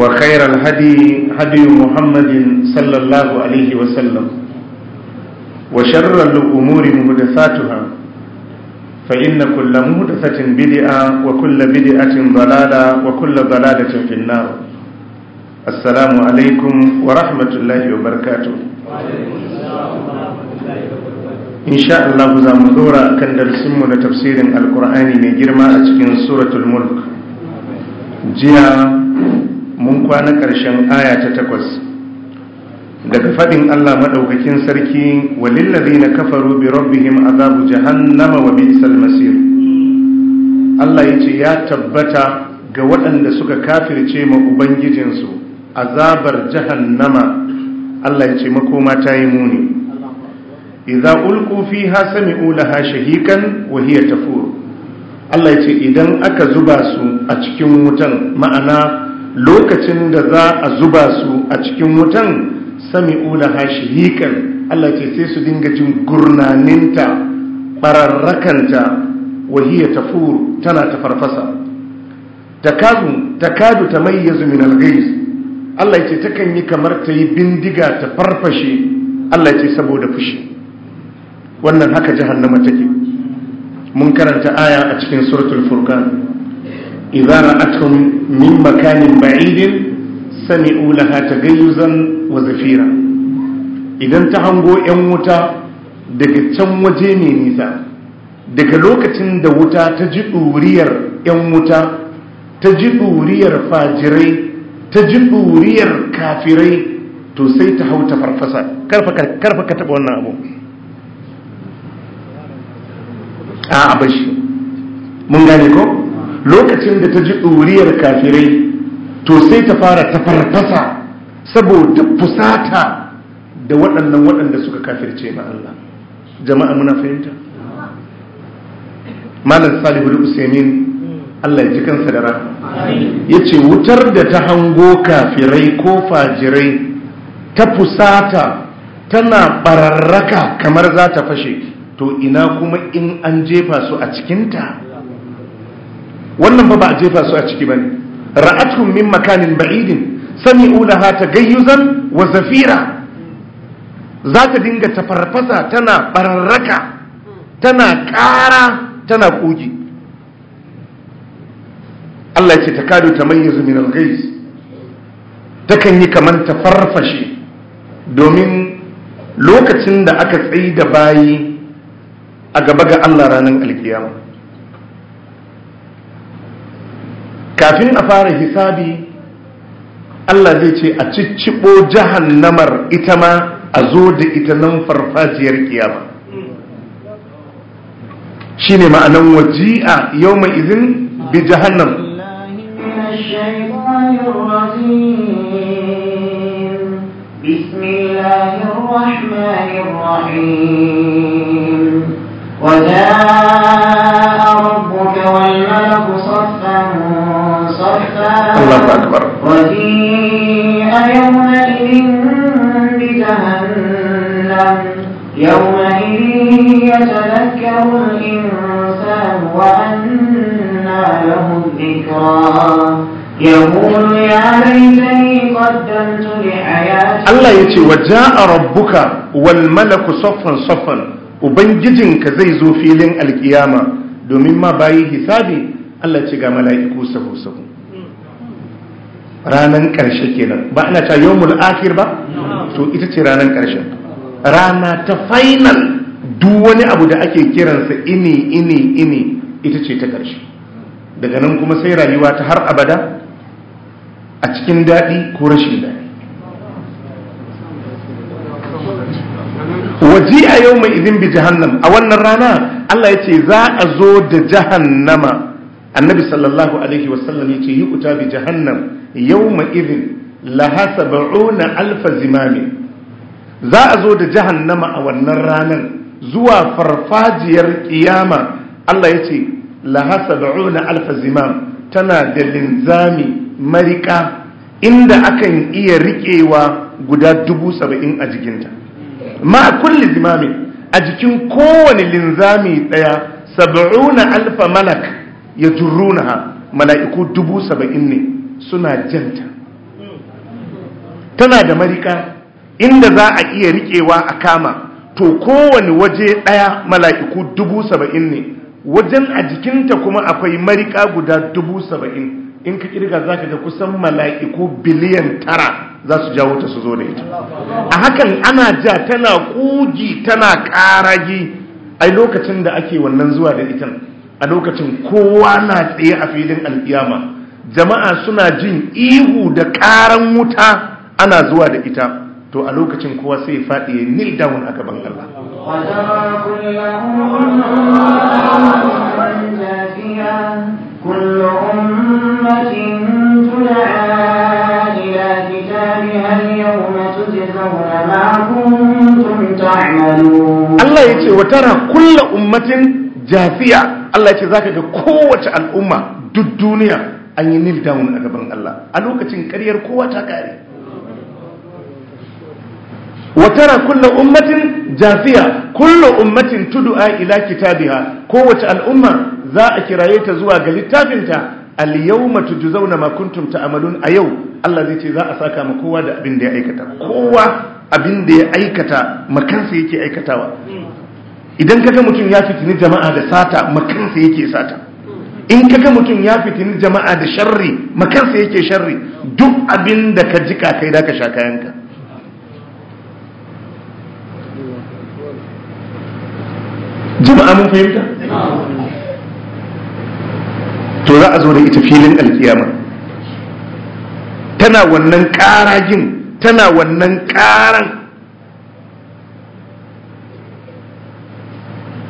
وخير الهدي هدي محمد صلى الله عليه وسلم وشر الأمور محدثاتها فإن كل محدثة بدعة وكل بدعة ضلالة وكل ضلالة في النار السلام عليكم ورحمة الله وبركاته إن شاء الله زامدورا كان درسمنا تفسير القرآن من جرمى أتكين سورة الملك جيا duba na ƙarshen aya ta takwas daga faɗin Allah maɗaukakin sarki walillazi na kafaru bi rabbihim azabu jahannama wa bi'sal masir Allah ya ce ya tabbata ga waɗanda suka kafirce ma ubangijinsu azabar jahannama Allah ya ce makoma ta yi muni idza ulqu fiha sami'u laha shahikan wa hiya tafur Allah ya ce idan aka zuba su a cikin wutan ma'ana lokacin da za a zuba su a cikin wutan sami'u hashi shihikan Allah ce sai su dinga jin gurnaninta bararrakanta wahiya tafur tana ta farfasa takadu takadu tamayyazu min al-ghayz Allah ce takan yi kamar ta yi bindiga ta farfashe Allah ce saboda fushi wannan haka jihar jahannama take mun karanta aya a cikin suratul furqan إذا رأتهم من مكان بعيد سمعوا لها تغيزا وزفيرا إذا تهنغو يموتا daga can waje ne nisa daga lokacin da wuta ta ji ɗuriyar 'yan wuta ta ji ɗuriyar fajirai ta ji ɗuriyar kafirai to sai ta hau ta farfasa karfa ka taɓa wannan abu a abashi mun gane ko? lokacin da ta ji ɗuriyar kafirai to sai ta fara ta farfasa saboda fusata da waɗannan waɗanda suka kafirce ma Allah jama'a muna fahimta malam salihu da usaimin Allah ya ji kansa da rahama ya ce wutar da ta hango kafirai ko fajirai ta fusata tana bararraka kamar za ta fashe to ina kuma in an jefa su a cikinta wannan ba ba a jefa su a ciki ba ne ra'atuhum min makanin ba'idin sami'u laha tagayyuzan wa zafira za ta dinga tafarfasa tana bararraka tana ƙara tana kogi Allah ce ta kado ta mayyazu min al ta takan yi kamar ta farfashe domin lokacin da aka tsayi da bayi a gaba ga Allah ranar alkiyama kafin a fara hisabi Allah zai ce a cicciɓo jahannamar ita ma a zo da ita nan farfajiyar kiyama shi ne ma'anan waji'a yau mai izin bi jahannam بسم الله الرحمن الرحيم الله أكبر وجيء يومئذ بجهنم يومئذ يتذكر الإنسان وأنى له الذكرى يقول يا ليتني قدمت لحياتي الله يتي وجاء ربك والملك صفا صفا ubangijinka zai zo filin alkiyama domin ma bayi hisabi Allah ce ga mala'iku sahu sahu ranan ƙarshe kenan ba ana ta yawmul akhir ba to ita ce ranan karshe rana ta final duk wani abu da ake kiransa ini ini ini ita ce ta ƙarshe. daga nan kuma sai rayuwa ta har abada a cikin daɗi ko rashin daɗi waji a yau mai izin bi jahannam a wannan rana Allah ya ce za a zo da jahannama annabi sallallahu alaihi wasallam ya ce yi kuta bi jahannam yawma idhin laha sab'una alf zimami za a zo da jahannama a wannan ranar zuwa farfajiyar kiyama Allah ya ce laha sab'una alf zimam tana da linzami marika inda akan iya riƙewa guda dubu saba'in a jikinta ma kulli zimami a jikin kowane linzami ɗaya saba'una alfa malak ya naha. mala'iku dubu saba'in ne suna janta tana da marika inda za a iya riƙewa a kama to kowane waje ɗaya mala'iku dubu saba'in ne wajen a jikinta kuma akwai marika guda dubu saba'in in ka kirga za ka ga kusan mala'iku biliyan tara za su jawo ta su zo da ita a hakan ana ja tana ƙugi tana ƙarage. A lokacin da ake wannan zuwa da ita a lokacin kowa na tsaye a filin al'iyama jama'a suna jin ihu da karan wuta ana zuwa da ita to a lokacin kowa sai faɗi nil down a gaban Allah Allah ya ce wa tara kulla ummatin jafiya Allah ya ce za ka ga kowace al'umma duk duniya an yi nil down a gaban Allah a lokacin ƙaryar kowa ta kare watara kulla ummatin jafiya kulla ummatin tudu'a ila kitabiha kowace al'umma za a kiraye ta zuwa ga littafinta al matu tujzauna zauna kuntum ta'malun a yau Allah zai ce za a saka ma kowa da abin da ya aikata kowa abin da ya aikata makansa yake aikatawa idan kaga mutum ya fitini jama'a da sata makansa yake sata in kaga mutum ya fitin jama'a da sharri makansa yake sharri duk abin da ka jika kai da ka sha kayanka jama'a mun fahimta to za a zo da ita filin alkiyama tana wannan karagin tana wannan karan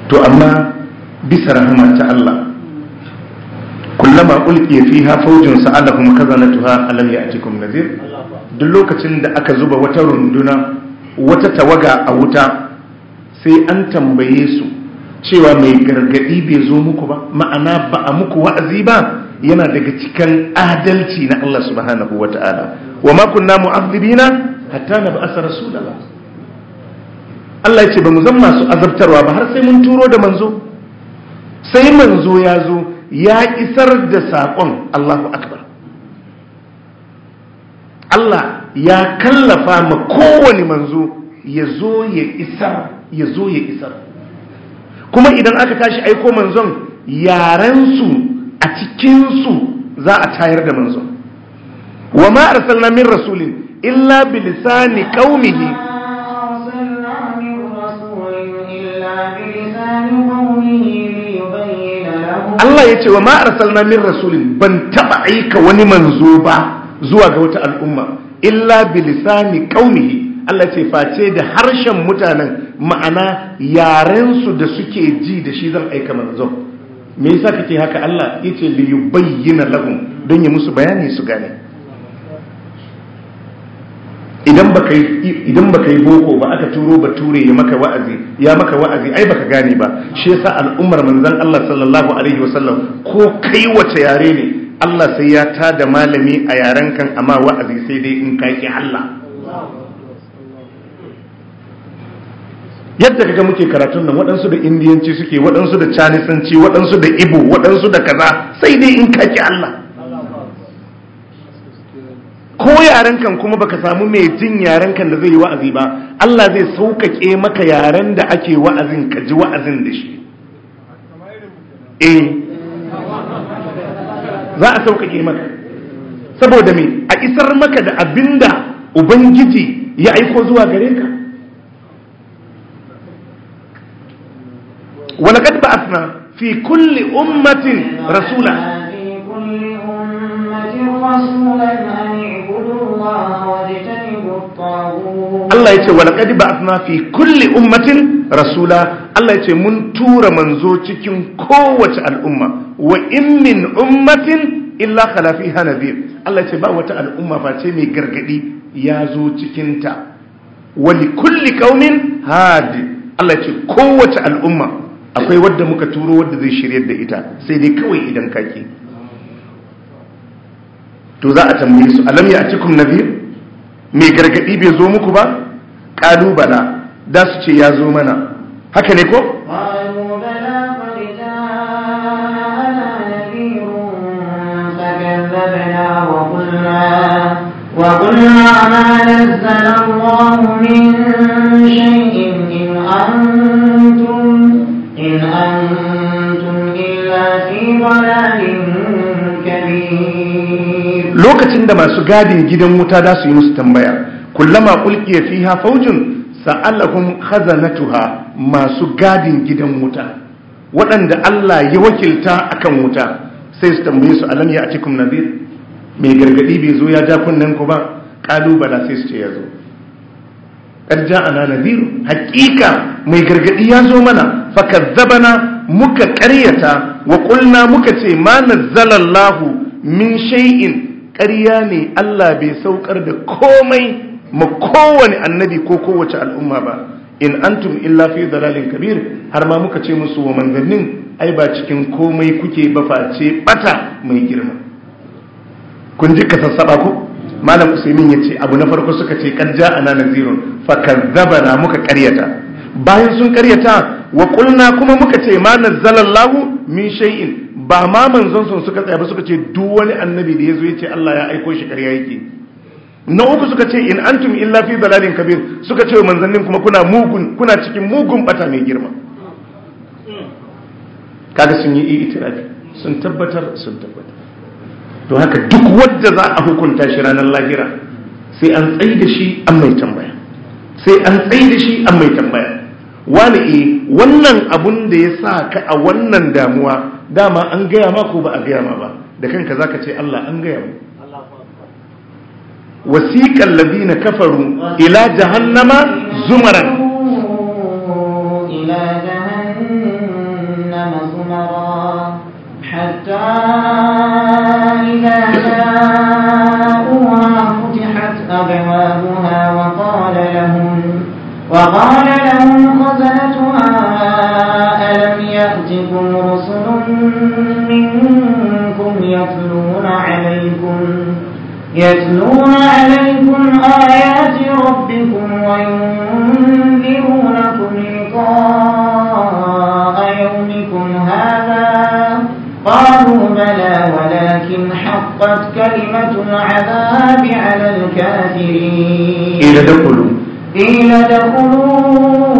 to amma bisa rahama ta Allah kullama ulqiya fiha fawjun sa'alahum khazanatuha alam ya'tikum nazir duk lokacin da aka zuba wata runduna wata tawaga a wuta sai an tambaye su cewa mai gargadi bai zo muku ba ma'ana ba a muku wa'azi ba yana daga cikin adalci na Allah subhanahu wata'ala wa ma kunna mu'adhibina hatta nab'asa rasulullah Allah ya ce ba mu zan masu azabtarwa ba har sai mun turo da manzo sai manzo ya zo ya isar da saƙon Allahu akbar Allah ya kallafa ma kowane manzo ya zo ya isar ya zo ya isar kuma idan aka tashi aiko manzon yarensu a cikinsu za a tayar da manzon wa ma arsalna min rasulin illa bilisani qaumihi Allah ya ce wa ma arsalna min rasulin ban taba aika wani manzo ba zuwa ga wata al'umma illa bilisani qaumihi Allah ce face da harshen mutanen ma'ana yaren su da suke ji da shi zan aika manzo me yasa kake haka Allah yace li yubayyana lahum don ya musu bayani su gane idan baka ka yi boko ba aka turo bature ya maka wa'azi ya maka wa'azi ai baka gane ba shi yasa al'ummar manzon Allah sallallahu alaihi wasallam ko kai wace yare ne Allah sai ya ta da malami a yaren kan amma wa'azi sai dai in ka ki Allah yadda kaga muke karatun nan waɗansu da indiyanci suke waɗansu da canisanci waɗansu da ibo waɗansu da kaza sai dai in kaki Allah ko yarenkan kuma baka samu mai jin yarenkan da zai yi wa'azi ba Allah zai sauƙaƙe maka yaren da ake wa'azin ka ji wa'azin da shi eh za a sauƙaƙe maka saboda me a isar maka da abinda ubangiji ya aiko zuwa gare ka walaqad ba'athna fi kulli ummatin rasula Allah ya ce wa laƙadi ba a fi ولقد ummatin rasula Allah ya ce mun tura manzo cikin kowace al'umma wa in min ummatin illa khalafi hana nadhir Allah ce ba wata al'umma face mai gargadi ya zo cikinta. Wani kulli kaunin? had Allah ce kowace al'umma akwai wadda muka turo wadda zai shirya da ita sai dai kawai idan kaki to za a tambaye su alam ya atikum nadhir mai gargadi bai zo muku ba kalu bala da su ce ya zo mana haka ne ko وقلنا ما نزل الله من شيء إن أنتم, إن أنتم إلا في ضلال كبير lokacin da masu gadin gidan wuta za su yi musu tambaya kullama ulqiya fiha faujun na khazanatuha masu gadin gidan wuta waɗanda Allah ya wakilta akan wuta sai su tambaye su alam ya cikin nadhir mai gargadi bai zo ya ja kunnen ku ba kalubala sai su ce ya zo ƙarja na naziru hakika mai gargadi ya zo mana fakazzabana muka karyata wa ƙulna muka ce ma nazzalallahu min shay'in ƙarya ne Allah bai saukar da komai ma kowane annabi ko kowace al'umma ba in antum illa fi dalalin kabir har ma muka ce musu wa manzannin ai ba cikin komai kuke ba face bata mai girma kun ji ka sassaba ku malam usaimin ya ce abu na farko suka ce kan ja ana nazirun fa na muka karyata bayan sun karyata wa kulna kuma muka ce ma nazzalallahu min shay'in ba ma manzon sun suka tsaya ba suka ce duk wani annabi da ya zo ya ce Allah ya aiko shi ƙarya yake na uku suka ce in antum illa fi dalalin kabir suka ce manzannin kuma kuna mugun kuna cikin mugun bata mai girma kaga sun yi itirafi sun tabbatar sun tabbatar to haka duk wanda za a hukunta shi ranar lahira sai an tsayi da shi an mai tambaya sai an tsayi da shi an mai tambaya wani e wannan abun da ya sa ka a wannan damuwa dama an gaya ma ko ba a gaya ma ba da kanka zaka ce Allah an gaya mu wasiqal ladina kafaru ila jahannama zumaran ila jahannama zumara. hatta منكم يتلون عليكم يتلون عليكم آيات ربكم وينذرونكم لقاء يومكم هذا قالوا بلى ولكن حقت كلمة العذاب على الكافرين قيل دخلوا قيل دخلوا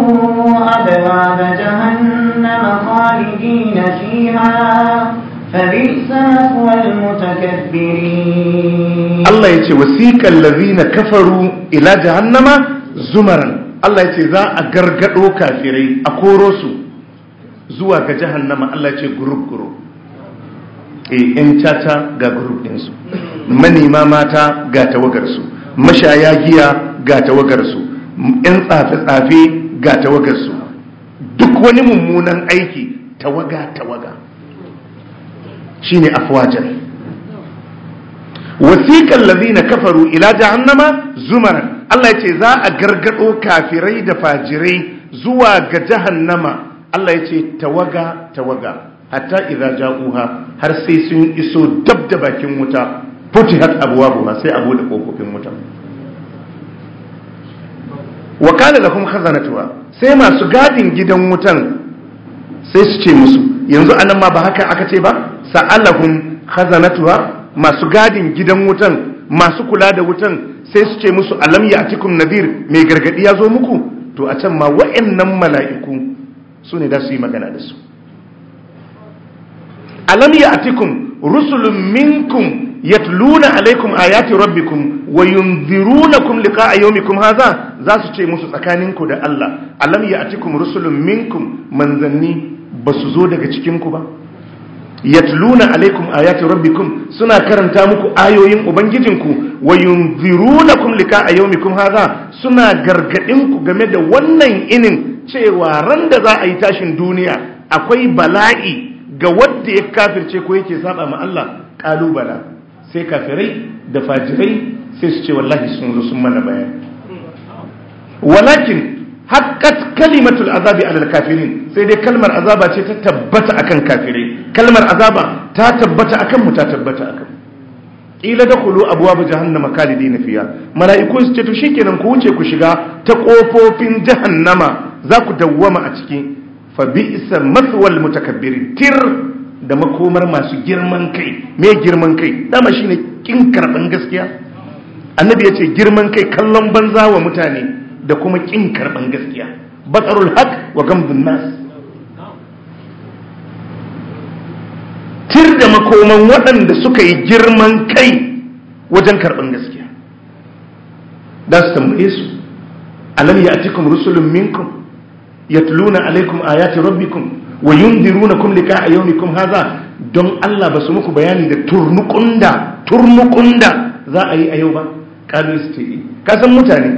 أبواب جهنم جهنم خالدين فيها فبئس مثوى المتكبرين الله يتي وسيق الذين كفروا إلى جهنم زمرا الله يتي ذا أقرقلوا كافرين أقورسوا zuwa ga jahannama Allah ce gurub gurub e yan caca ga gurub ɗinsu manema mata ga tawagarsu mashaya giya ga tawagarsu yan tsafe-tsafe ga tawagarsu wani mummunan aiki tawaga tawaga shine afwajan Wasiƙan lazina kafaru ila jahannama zumar Allah ya ce za a gargado kafirai da fajirai zuwa ga jahannama Allah ya yace tawaga tawaga hatta idza ja'uha har sai sun iso dab da bakin wuta abuwa buwa sai abu da kofofin wuta wa kana lahum tuwa sai masu gadin gidan wutan sai su ce musu yanzu anan ma ba haka aka ce ba sa'alahum tuwa masu gadin gidan wutan masu kula da wutan sai su ce musu alam ya'tikum nadir mai gargadi ya zo muku to a can ma wa'annan mala'iku su ne da su yi magana da su alam ya'tikum rusulun minkum yatluna alaikum ayati rabbikum wa yunzirunakum liqa'a yawmikum hadha za su ce musu tsakaninku da Allah alam ya'tikum rusulun minkum manzanni basu zo daga cikin ku ba yatluna alaikum ayati rabbikum suna karanta muku ayoyin ubangijinku wa yunzirunakum liqa'a yawmikum hadha suna gargadin ku game da wannan inin cewa ran da za a yi tashin duniya akwai bala'i ga wanda ya kafirce ko yake saba ma Allah kalubala sai kafirai da fajirai sai su ce wallahi sun zo sun mana bayan. walakin haqqat kalimatul azabi alal kafirin sai dai kalmar azaba ce ta tabbata akan kafirai kalmar azaba ta tabbata akan mu ta tabbata akan ila dakulu abwaab jahannama khalidina fiha mala'iku su ce to shikenan ku wuce ku shiga ta kofofin jahannama za ku dawwama a ciki fa bi'sa mutakabbirin tir da makomar masu girman kai me girman kai dama shine kin karban gaskiya annabi yace girman kai kallon banza wa mutane da kuma kin karban gaskiya batarul haq wa gamdun nas tir da makoman waɗanda suka yi girman kai wajen karban gaskiya da su tambaye su alam ya'tikum rusulun minkum yatluna alaikum ayati rabbikum wa yundirunakum liqa'a yawmikum hadha don Allah ba su muku bayani da turnukunda turnukunda za a yi a yau ba kalu eh, kasan mutane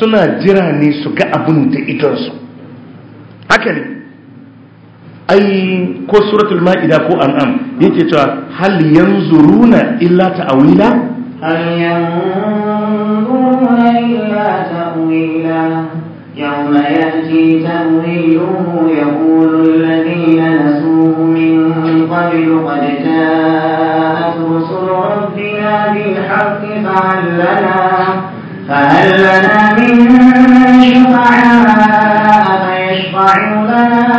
suna jira ne su ga abun da idonsu haka ne ai ko suratul ma'ida ko an'am yake cewa hal yanzuruna illa ta'wila hal yanzuruna illa ta'wila يوم يأتي تأويله يقول الذين نسوه من قبل قد جاءت رسل ربنا بالحق فهل لنا, فهل لنا من شفعاء فيشفع لنا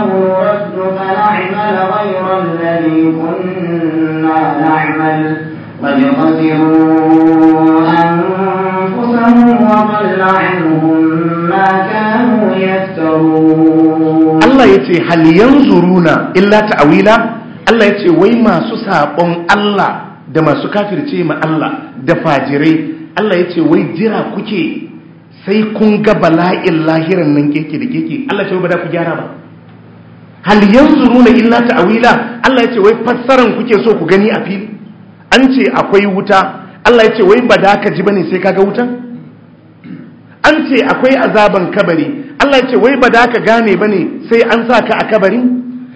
أو نرد فنعمل غير الذي كنا نعمل قد خسروا أنفسهم وضل عنهم Allah ya ce haliyan zuruna illa ta'awila Allah ya ce wai masu saɓon Allah da masu kafirce ma Allah da fajirai Allah ya ce wai jira kuke sai kun ga bala'in lahirin nan keke da keke Allah ce wai ba ku gyara ba haliyan zuruna illa ta'awila Allah ya ce wai fassaran kuke so ku gani a fili an ce akwai wuta Allah ya ce wai ba da ka ji bane sai kaga wutan an ce akwai azaban kabari Allah ce wai ba da ka gane ba ne sai an sa ka a kabari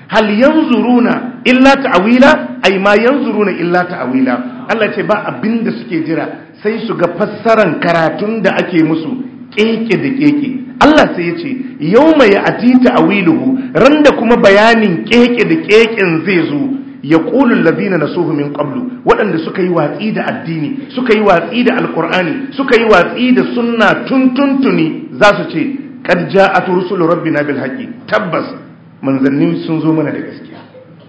hal yanzuruna illa ta'wila ai ma yanzuruna illa ta'wila Allah ce ba abin da suke jira sai su ga fassaran karatun da ake musu keke da keke Allah sai ya ce yau mai a randa a ran kuma bayanin keke da keken zai zo ya ƙulu labina na suhu min ƙablu waɗanda suka yi watsi da addini suka yi watsi da alƙur'ani suka yi watsi da sunna tuntuntuni za su ce ƙarja a turusulun rabbi na bilhaƙi tabbas manzanni sun zo mana da gaskiya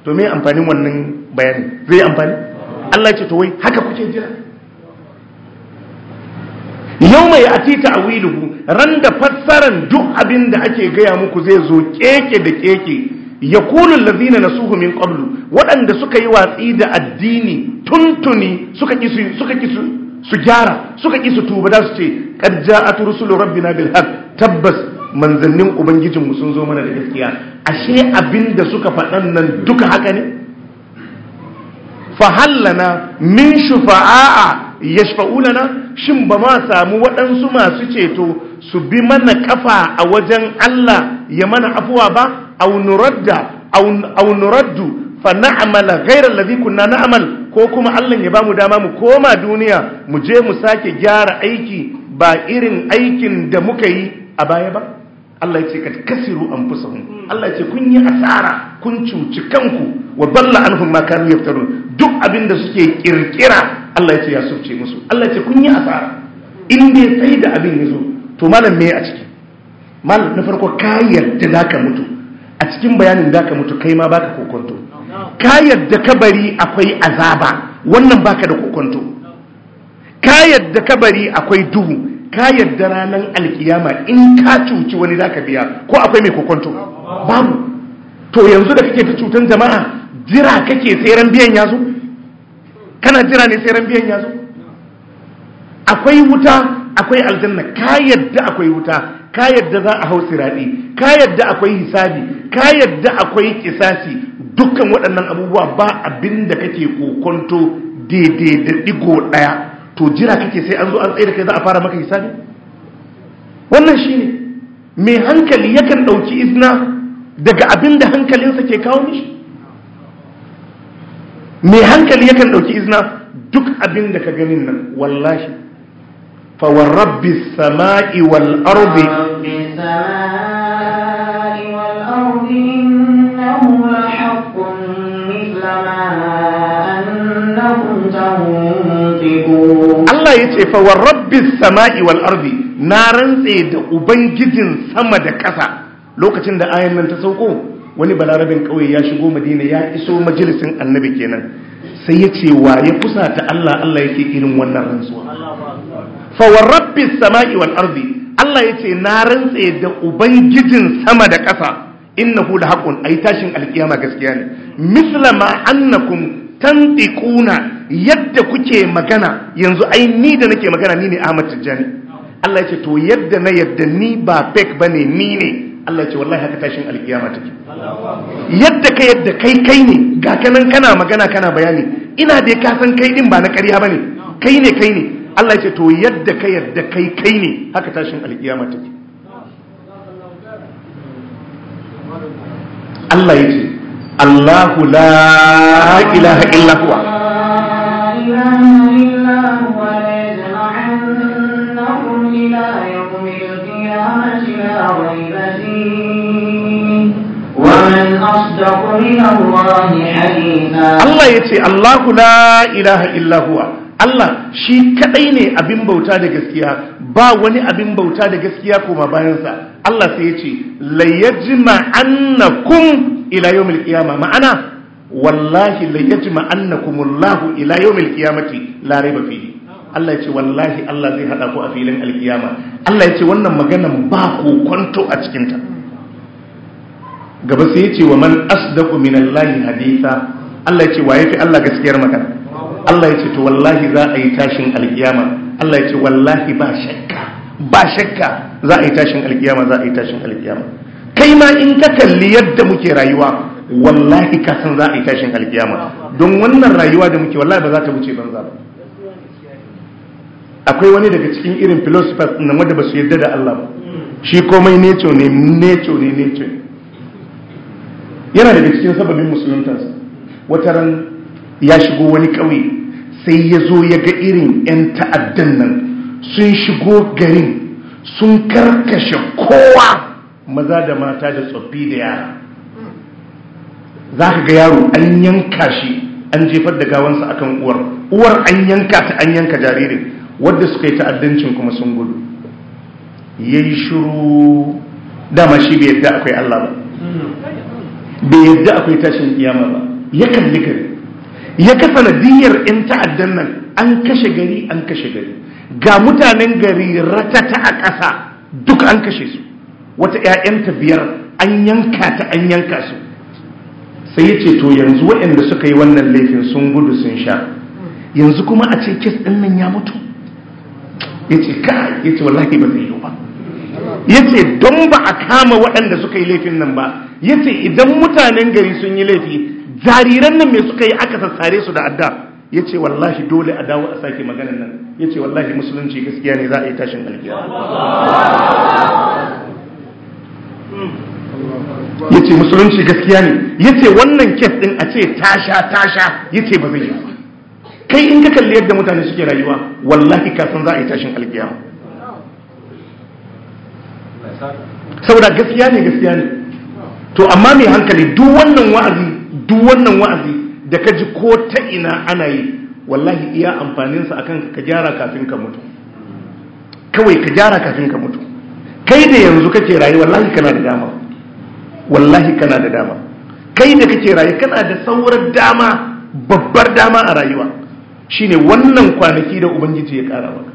to me amfanin wannan bayani zai amfani Allah ce to wai haka kuke jira yau mai tita a wilu ran da fassaran duk abin da ake gaya muku zai zo keke da keke ya kulun lazina na suhu min ƙwablu waɗanda suka yi watsi da addini tuntuni suka ƙi su gyara suka ƙi su tuba da su ce ƙarja a turusulun rabbina bilhaq tabbas manzannin ubangijinmu sun zo mana da gaskiya ashe abin da suka faɗan nan duka haka ne fahallana min shufa'a ya yashfa'ulana shin ba ma samu waɗansu masu ceto su bi mana kafa a wajen Allah ya mana afuwa ba aw nuradda aw nuraddu fa na'mala ghayra alladhi kunna na'mal ko kuma Allah ya bamu dama mu koma duniya mu je mu sake gyara aiki ba irin aikin da muka yi a baya ba Allah ya ce kasiru anfusahum Allah ya ce kun yi asara kun cuci kanku wa balla anhum ma kanu yaftarun duk abin da suke kirkira Allah ya ce ya sufce musu Allah ya ce kun yi asara in dai sai da abin yazo to malam me a ciki malam na farko ka yarda zaka mutu a cikin bayanin za ka mutu kai ma baka kokonto ka yadda kabari akwai azaba wannan baka da kokonto ka yadda kabari akwai duhu ka yadda ranar alkiyama in ka cuci wani za biya ko akwai mai kokonto babu to yanzu da kake ta cutan jama'a jira kake tseren biyan yazo kana jira ne tseren biyan yazo akwai wuta akwai aljanna ka yadda akwai wuta ka yadda za a hau sirari ka yadda akwai hisabi ka yadda akwai kisasi dukkan waɗannan abubuwa ba abin da kake kokonto daidai da ɗigo ɗaya to jira kake sai an zo an tsaye da kai za a fara maka hisabi wannan shi ne mai hankali yakan ɗauki izina daga abin da hankalinsa ke kawo mishi mai hankali yakan ɗauki izina duk abin da ka ganin nan wallashi فوالرب السماء والأرض بالسماء والأرض إنه لحق مثل ما أنهم تنطقون الله يتي فورب السماء da ƙasa lokacin da ayan nan ta sauko wani balarabin ƙauye ya shigo madina ya iso majalisin annabi kenan sai ya ce wa ya kusa ta Allah Allah yake irin wannan rantsuwa fawar rabbi sama'i wal ardi Allah ya ce na rantse da ubangijin sama da ƙasa innahu da a ai tashin alƙiyama gaskiya ne misla annakum yadda kuke magana yanzu ai ni da nake magana ni ne Ahmad Tijjani Allah ya ce to yadda na yadda ni ba fake bane ni ne Allah ce wallahi haka tashin alkiyama take yadda ka yadda kai kai ne ga kanan kana magana kana bayani ina da ka san kai din ba na ƙarya bane kai ne kai ne Allah ce to yadda ka yadda kai kai ne haka tashin alkiyama take Allah ya ce Allahu la ilaha illa huwa Allah ya ce Allahu la ilaha illa huwa Allah shi kadai ne abin bauta da gaskiya ba wani abin bauta da gaskiya koma bayansa Allah sai ya ce layyajma annakum ila yawmil qiyamah ma'ana wallahi kun annakumullahu ila yawmil qiyamati la raiba fihi Allah ya ce wallahi Allah zai hada ku a filin alkiyama Allah ya ce wannan maganan ba ku kwanto a cikin ta gaba sai ya ce wa man asdaqu minallahi haditha Allah ya ce ya fi Allah gaskiyar magana Allah ya ce to wallahi za a yi tashin alkiyama Allah ya ce wallahi ba shakka ba shakka za a yi tashin alkiyama za a yi tashin alkiyama kai ma in ka kalli yadda muke rayuwa wallahi ka san za a yi tashin alkiyama don wannan rayuwa da muke wallahi ba za ta wuce banza ba akwai wani daga cikin irin philosophers nan wanda ba su yarda da Allah ba shi komai neco ne neco ne neco yana daga cikin sababbin musuluntansa wata ran ya shigo wani ƙauye sai ya zo ya ga irin 'yan ta'addan nan sun shigo garin sun karkashe kowa maza da mata da tsoffi da yara za ka ga yaro an yanka shi an jefar da gawansa akan uwar uwar an yanka ta an yanka jaririn wadda suka yi ta'addancin kuma sun gudu ya yi shuru dama shi bai yadda akwai Allah ba bai yadda akwai tashin iyama ba ya kalli gari ya kasa nadiyar 'yan ta'addan nan an kashe gari an kashe gari ga mutanen gari ratata a ƙasa duk an kashe su wata 'ya'yanta biyar an yanka ta an yanka su sai ya ce to yanzu waɗanda suka yi wannan laifin sun gudu sun sha yanzu kuma a ce kes ɗin nan ya mutu ya ce ka ya ce wallahi ba zai yi ba ya ce don ba a kama waɗanda suka yi laifin nan ba ya ce idan mutanen gari sun yi laifi jariran nan me suka yi aka sassare su da adda ya ce wallahi dole a dawo a sake maganin nan ya ce wallahi musulunci gaskiya ne za a yi tashin alkiya ya ce musulunci gaskiya ne ya ce wannan kes ɗin a ce tasha tasha ya ce ba zai yi kai in ka kalli yadda mutane suke rayuwa wallahi kasan za a yi tashin alkiya saboda gaskiya ne gaskiya ne to amma mai hankali duk wannan wa'azi duk wannan wa'azi da ka ji ko ta ina ana yi wallahi iya amfaninsa akan ka gyara kafin ka mutu kawai ka gyara kafin ka mutu kai da yanzu kake rayu wallahi kana da dama wallahi kana da dama kai da kake rayu kana da sauran dama babbar dama a rayuwa shine wannan kwanaki da ubangiji ya kara maka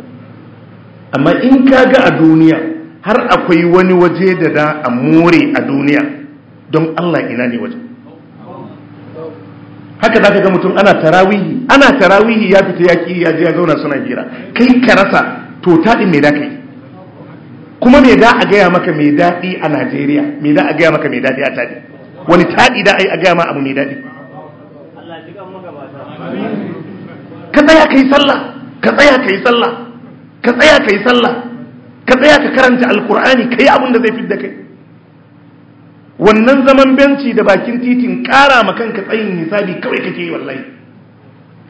amma in ka ga a duniya har akwai wani waje da da a a duniya don Allah ina ne wajen haka za ka ga mutum ana tarawihi ana tarawihi ya fita ya ki ya je ya zauna suna hira kai ka rasa to taɗin me da kai kuma me da a gaya maka mai daɗi a najeriya me da a gaya maka mai daɗi a taɗi wani taɗi da a gaya ma abu mai daɗi ka tsaya ka yi sallah ka tsaya ka yi sallah ka tsaya ka yi sallah ka tsaya ka karanta alkur'ani ka yi abin da zai fi da kai wannan zaman benci da bakin titin kara ma kanka tsayin hisabi kawai kake yi wallahi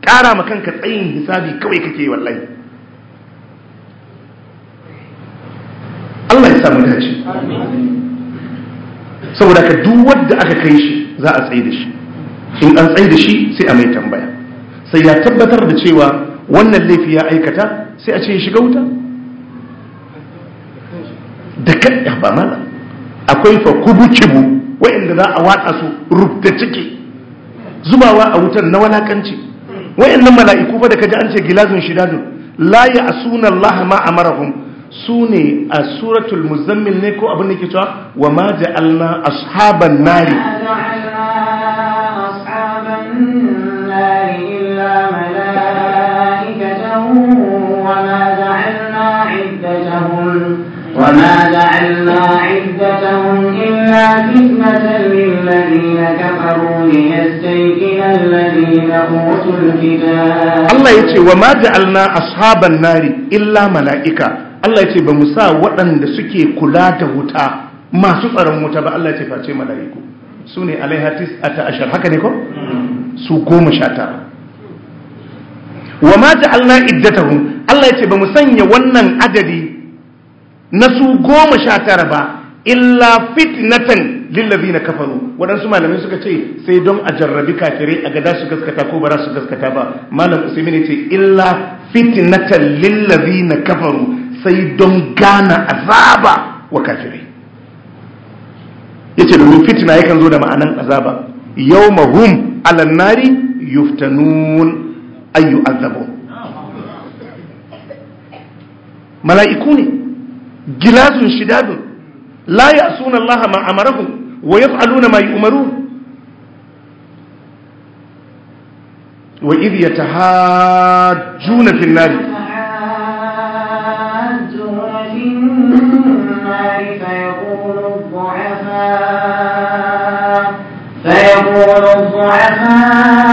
kara ma kanka tsayin hisabi kawai kake yi wallahi Allah ya samu dace saboda ka duk wanda aka kai shi za a tsaye da shi in an tsaye da shi sai a mai tambaya sai ya tabbatar da cewa wannan laifi ya aikata sai a ce ya ga wuta da kai ba mala akwai fa kubukibu wa'inda za a watsa su rubta ciki zubawa a wutar na walakanci wayannan mala'iku fa da kaji an ce gilazun shidadun la asuna Allah ma amarahum ne a suratul muzammil ne ko abin da ke cewa wa ma ja'alna ashaban nari فتنة للذين كفروا ليستيقن الذين أوتوا الكتاب الله يتي وما جعلنا أصحاب النار إلا ملائكة Allah ya ce ba mu sa waɗanda suke kula da wuta masu tsaron wuta ba Allah ya ce face mala'iku su ne alaihatis a ta'ashar haka ne ko? su goma sha ta wa ma ja'alna iddatahum Allah ya ce ba mu sanya wannan adadi na su goma sha tara ba illa fitnatan lillazina kafaru waɗansu malamai suka ce sai don a jarrabi kafirai a gada su gaskata ko ba za su gaskata ba malam ne ce illa fitnatan lillazina kafaru sai don gana azaba wa kafirai yace domin fitna yakan zo da ma'anan azaba yawma hum ala nari yuftanun ayu azabu mala'iku ne gilasun shidadun لا يأسون الله ما أمرهم ويفعلون ما يؤمرون وإذ يتحاجون في النار في النار فيقول الضعفاء فيقول الضعفاء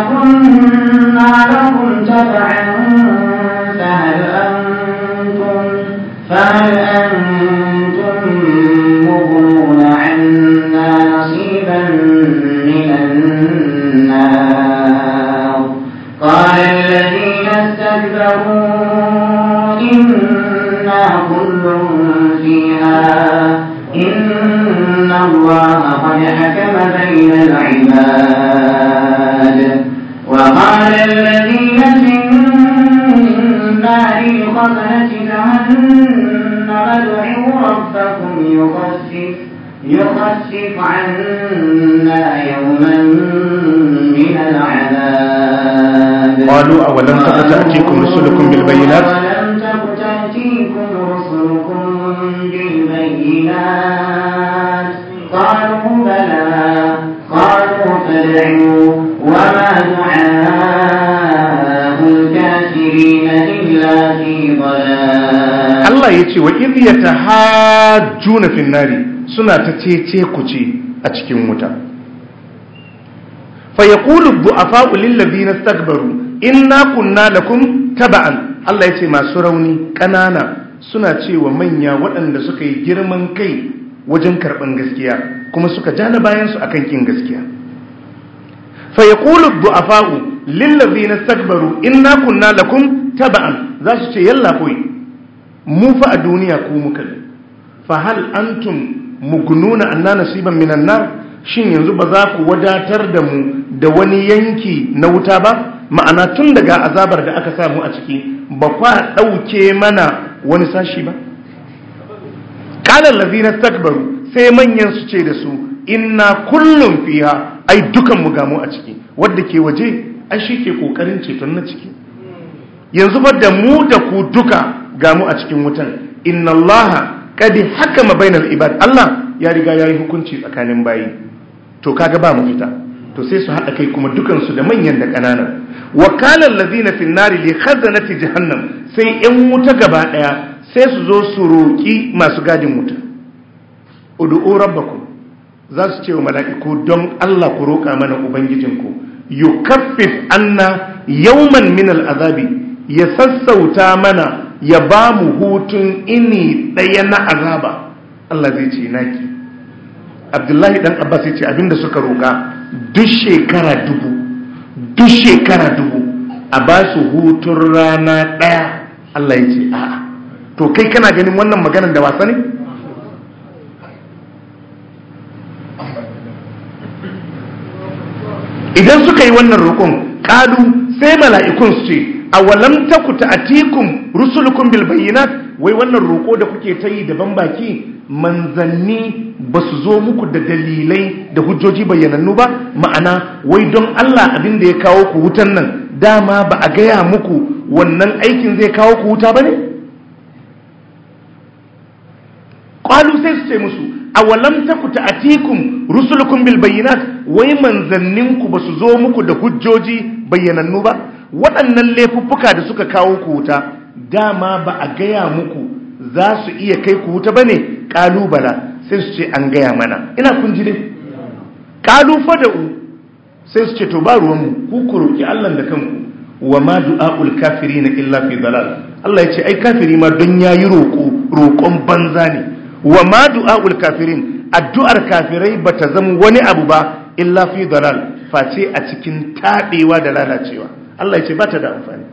كنا لكم تبعا فهل أنتم, فهل أنتم مغنون عنا نصيبا من النار قال الذين استكبروا إنا كل فيها إن الله قد حكم بين العباد وقال الذين في النار خزنة جهنم ادعوا ربكم يخفف عنا يوما من العذاب قالوا أولم تأتيكم رسلكم بالبينات Allah ya ce wa ta hajju na finari suna ta cece kuce a cikin wuta fa yaqulu du'afa'u na stagbaru, in na kunna da kun taba'an Allah ya ce masu rauni ƙanana suna cewa manya waɗanda suka yi girman kai wajen karɓan gaskiya kuma suka ja na bayansu a kankin gaskiya fa yaqulu du'afa'u na stagbaru, in na kunna da kun taba'an za su ce yalla koyi mu fa a duniya ku muka yi fa hal antum mugnuna anna nasiban minan nar shin yanzu ba za ku wadatar da mu da wani yanki na wuta ba ma'ana tun daga azabar da aka samu a ciki ba kwa ɗauke mana wani sashi ba qala allazina stakbaru sai manyan su ce da su inna kullum fiha ai dukan mu gamu a ciki wadda ke waje ai shi ke ƙoƙarin ceton na ciki yanzu ba da mu da ku duka gamu a cikin wutan inna Allah kadi hakama bainal ibad Allah ya riga ya yi hukunci tsakanin bayi to kaga ba mu fita to sai su haɗa kai kuma dukansu da manyan da ƙananan wakalar lazina finnari li khazanati jahannam sai yan wuta gaba ɗaya sai su zo su roƙi masu gadin wuta ud'u rabbakum za su ce wa mala'iku don Allah ku roƙa mana ubangijinku yukaffif anna yawman min al'azabi ya sassauta mana ya ba mu hutun ini ɗaya na azaba Allah zai ce naki abdullahi ɗan abbas ya ce abinda suka roƙa duk shekara dubu duk shekara dubu a ba su hutun rana ɗaya Allah ya ce a'a to kai kana ganin wannan maganar da wasa ne idan suka yi wannan roƙon ƙadu sai mala'ikun su ce a walam taku ta'atikum rusulukum rusulukun wai wannan roƙo da kuke ta yi daban baki manzanni ba su zo muku da dalilai da hujjoji bayyanannu ba ma'ana wai don Allah abin da ya kawo ku wutan nan dama ba a gaya muku wannan aikin zai kawo ku wuta ba ne? qalu sai su ce musu awalam taku ta'atikum rusulukum bil bayyinat wai ku basu zo muku da hujjoji bayyanannu ba waɗannan laifuffuka da suka kawo ku wuta dama ba a gaya muku za su iya kai ku wuta bane kalubala sai su ce an gaya mana ina kun ji dai kalu fada'u sai su ce to ba ruwan ku ku roki Allah da kanku wa ma du'aul kafirin illa fi dalal Allah ya ce ai kafiri ma don yayi roko roƙon banza ne wa ma du'a'ul kafirin addu'ar kafirai bata zama wani abu ba illa fi dalal face a cikin tabewa da lalacewa Allah ya ce bata da amfani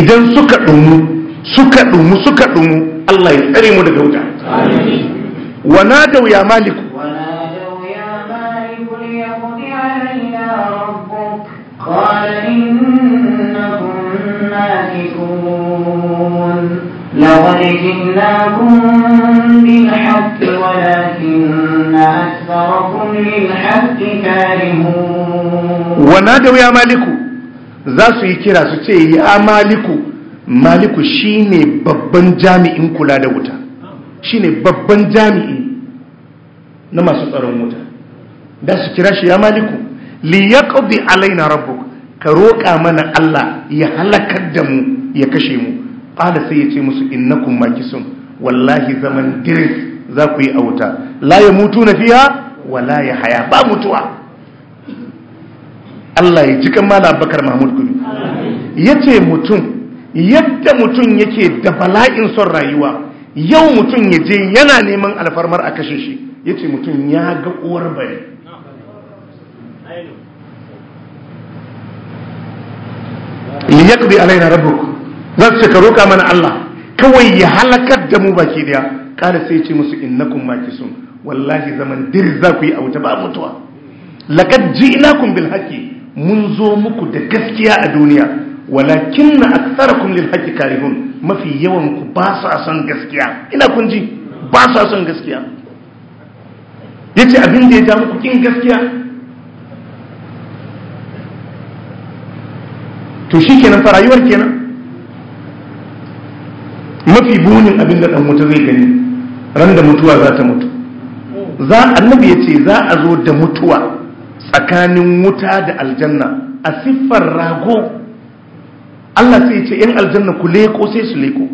idan suka dumu suka dumu suka dumu Allah ya tsare mu daga wuta amin wa nadaw ya maliku rabbuk جئناكم بالحق ولكن أكثركم للحق كارهون ونادوا يا مالك za su yi kira su ce ya maliku maliku shine babban jami'in kula da wuta shine babban jami'i na masu tsaron wuta da su kira shi ya maliku li yaqdi alaina rabbuk ka roƙa mana Allah ya halakar da mu ya kashe mu ƙada sai ya ce musu innakum makisun wallahi zaman dirin za ku yi a wuta la ya mutu na fiya wa ya haya ba mutuwa Allah ya ji kan mala bakar mahmud kudu ya ce mutum yadda mutum yake da bala'in son rayuwa yau mutum ya je yana neman alfarmar a kashe shi ya ce mutum ya ga uwar bari liyakbi alaina rabbuk za su ka roƙa mana Allah kawai ya halakar da mu baki daya kada sai ce musu innakum makisun wallahi zaman dir za ku yi a wuta ba mutuwa laqad ji'nakum bil haqqi mun zo muku da gaskiya a duniya walakin na aktsarakum lil haqqi karihun mafi yawan ku ba su son gaskiya ina kun ji ba su son gaskiya yace abin da ya ja muku kin gaskiya to shi kenan fa rayuwar kenan mafi bunin abin da mutu zai gani ran da mutuwa za ta mutu za annabi ya ce za a zo da mutuwa tsakanin wuta da aljanna a siffar rago Allah sai ce yan aljanna ku leko sai su leko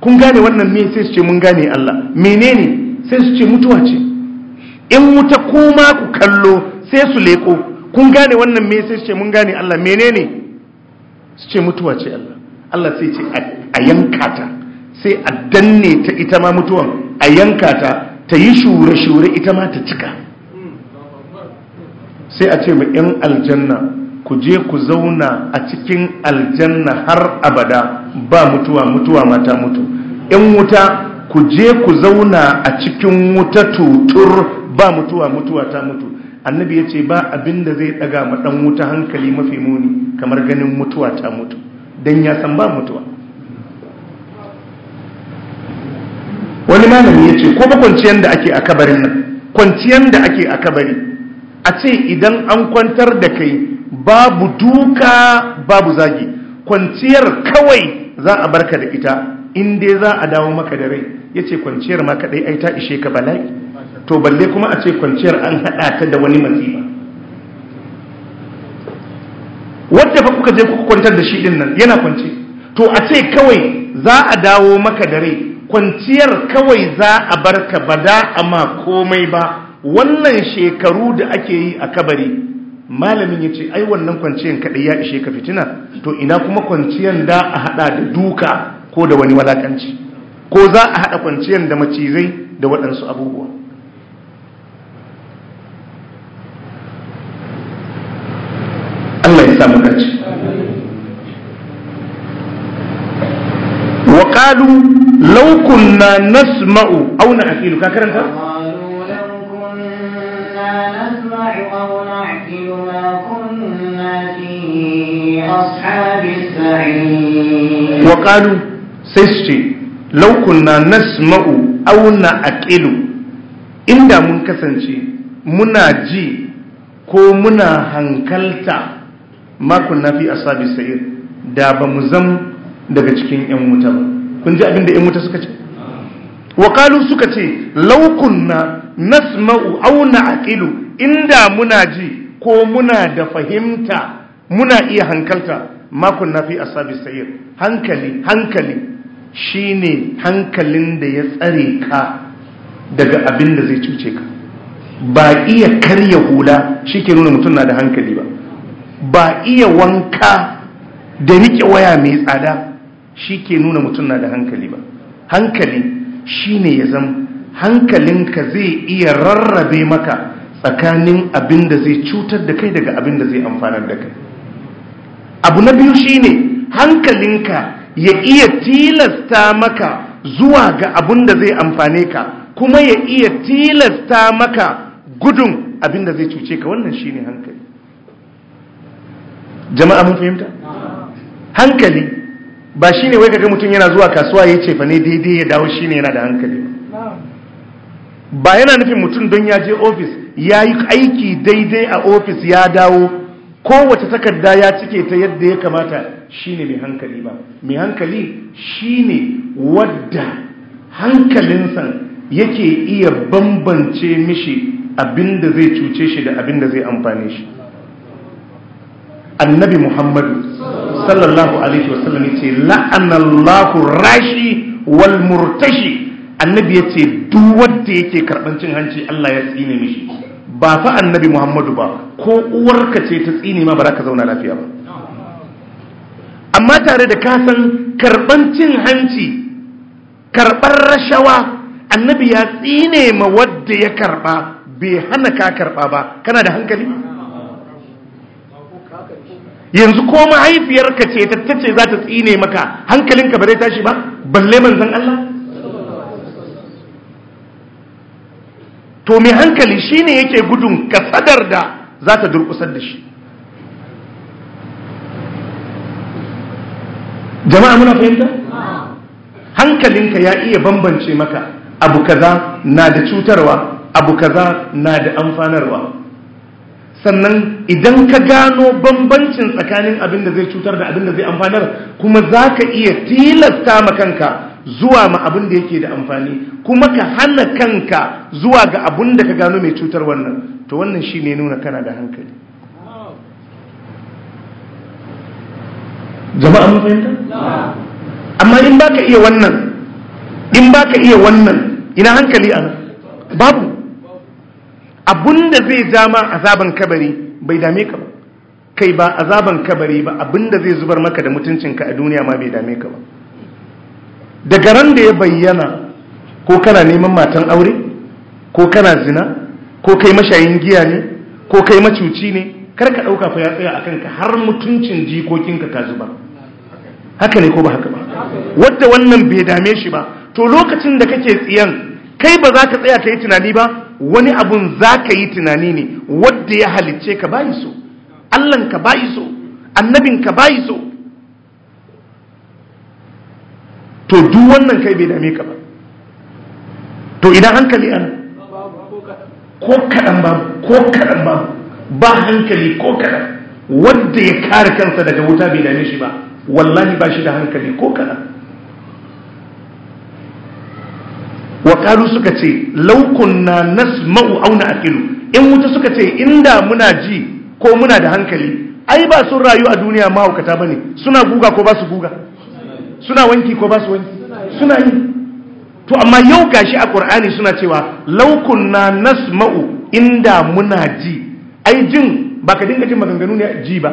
kun gane wannan ne sai su ce mun gane Allah menene sai su ce mutuwa ce in wuta kuma ku kallo sai su leko kun gane wannan me sai su ce mun gane Allah menene su ce mutuwa ce Allah Allah sai ce a yanka ta sai a danne ta ita ma mutuwan a yanka ta ta yi shure-shure ita ma ta cika sai a ce ma 'yan aljanna ku je ku zauna a cikin aljanna har abada ba mutuwa mutuwa mata mutu 'yan wuta ku je ku zauna a cikin wuta tutur ba mutuwa mutuwa ta mutu annabi ya ce ba abin da zai daga maɗan wuta hankali mafi muni kamar ganin mutuwa ta mutu don ya san ba mutuwa wani malami ya ce ko ba kwanciyar da ake a kabarin nan kwanciyar da ake a kabari a ce idan an kwantar da kai babu duka babu zagi kwanciyar kawai za a barka da ita inda za a dawo maka da rai ya ce kwanciyar ma kaɗai ai ta ishe ka bala'i to balle kuma a ce kwanciyar an haɗa ta da wani masifa wadda fa kuka je kuka kwantar da shi ɗin nan yana kwance to a ce kawai za a dawo maka dare kwanciyar kawai za a barka ba da amma komai ba wannan shekaru da ake yi a kabari malamin ya ce ai wannan kwanciyar kaɗai ya ishe ka fitina to ina kuma kwanciyar da a haɗa da duka ko da wani walakanci ko za a haɗa kwanciyar da macizai da waɗansu abubuwa Allah ya samu kanci qalu law kunna nasma'u aw na'qilu ka karanta qalu law kunna nasma'u aw na'qilu sai su ce law kunna inda mun kasance muna ji ko muna hankalta ma kunna fi ashabis sa'in da ba mu zam daga cikin 'yan ba. kun ji abin da ‘yan wuta suka ce waƙalu suka ce laukunna nasma'u auna a inda muna ji ko muna da fahimta muna iya hankalta makon na fi asabi sayir hankali hankali shine hankalin da ya tsare ka daga abin da zai cuce ka ba iya karya hula shi ke nuna mutum na da hankali ba ba iya wanka da riƙe waya mai tsada shi ke nuna mutum na da hankali ba hankali shi ne ya zama hankalinka zai iya rarrabe maka tsakanin abin da zai cutar da kai daga abin da zai amfanar da kai abu na biyu shi ne hankalinka ya iya tilasta maka zuwa ga abin da zai amfane ka kuma ya iya tilasta maka gudun abin da zai cuce ka wannan shi ne hankali jama'a mun fahimta hankali ba shi ne wai kaga mutum yana zuwa kasuwa ya ce fa daidai ya dawo shi ne yana da hankali ba yana nufin mutum don ya je ofis ya yi aiki daidai a ofis ya dawo kowace takarda ya cike ta yadda ya kamata shi ne mai hankali ba mai hankali shi ne wadda hankalinsa yake iya bambance mishi abinda zai cuce shi da abinda zai amfane shi annabi muhammadu sallallahu alaihi wasallam yace la'anallahu rashi wal murtashi annabi yace duk wanda yake karban cin hanci Allah ya tsine mishi ba fa annabi Muhammadu ba ko uwarka ce ta tsine ma ba za ka zauna lafiya ba amma tare da kasan karban cin hanci karban rashawa annabi ya tsine ma wadda ya karba bai hana ka karba ba kana da hankali yanzu ko mahaifiyarka ce ta ce za ta tsine maka hankalinka ba zai tashi ba balle manzan Allah to mai hankali shine yake gudun kasadar da za ta durkusar da shi jama'a muna fahimta hankalinka ya iya bambance maka abu kaza na da cutarwa abu kaza na da amfanarwa sannan idan ka gano bambancin tsakanin abin da zai cutar da abin da zai amfanar kuma za ka iya tilasta ma kanka zuwa ma abin da yake da amfani kuma ka hana kanka zuwa ga abin da ka gano mai cutar wannan to wannan shi ne nuna kana da hankali jama'a mun fahimta? amma in ba ka iya wannan in ba ka iya wannan ina hankali a babu abun da zai jama azaban kabari bai dame ka ba kai ba azaban kabari ba da zai zubar maka da mutuncinka a duniya ma bai dame ka ba daga ran da ya bayyana ko kana neman matan aure ko kana zina ko kai mashayin giya ne ko kai macuci ne kar ka ɗauka fa ya tsaya a kanka har mutuncin jikokinka ka zuba haka ne ko ba haka ba wadda wannan bai dame shi ba to lokacin da kake tsiyan kai ba za ka tsaya ka yi tunani ba wani abun za ka yi tunani ne wadda ya halicce ka bayi so ka bayi so annabinka bayi so to duk wannan kai bai dame ka ba to idan hankali an, ko kaɗan babu ko kaɗan babu ba hankali ko kaɗan wadda ya kare kansa daga wuta bai dame shi ba wallahi ba shi da hankali ko kaɗan wa suka ce laukunna nasma'u auna aqilu in wuta suka ce inda muna ji ko muna da hankali ai ba sun rayu a duniya mahaukata bane suna guga ko ba su guga suna wanki ko ba su wanki suna yi to amma yau gashi a qur'ani suna cewa laukunna nasma'u inda muna ji ai jin ba ka dinga jin maganganu ne ji ba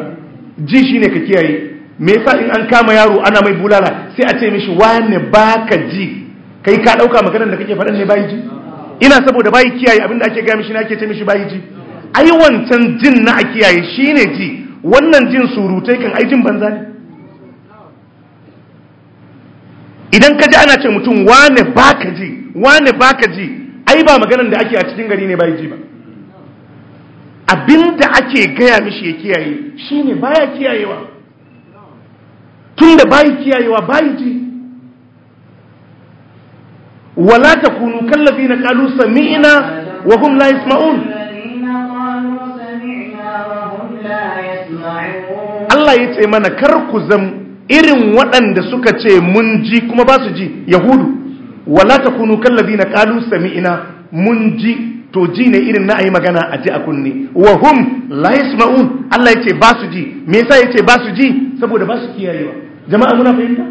ji shine ka kiyaye me yasa in an kama yaro ana mai bulala sai a ce mishi wane baka ji kai ka dauka maganar da kake faɗan ne bayi ji ina saboda bayi kiyaye abinda ake ga mishi na ake ce mishi bayi ji ai wancan jin na a kiyaye shine ji wannan jin surutai kan ai jin banza ne idan ka ji ana ce mutum wane baka ji wane baka ji ai ba maganar da ake a cikin gari ne bayi ji ba abinda ake gaya mishi ya kiyaye shine baya kiyayewa tunda bayi kiyayewa bayi ji ولا تكونوا كالذين قالوا سمعنا وهم لا يسمعون Allah ya ce mana kar ku zam irin waɗanda suka ce mun ji kuma ba su ji yahudu wala takunu na qalu sami'na mun ji to ji ne irin na yi magana a ji a kunne wa hum la yasma'un Allah ya ce ba su ji me yasa ya ce ba su ji saboda ba su kiyayewa jama'a muna fahimta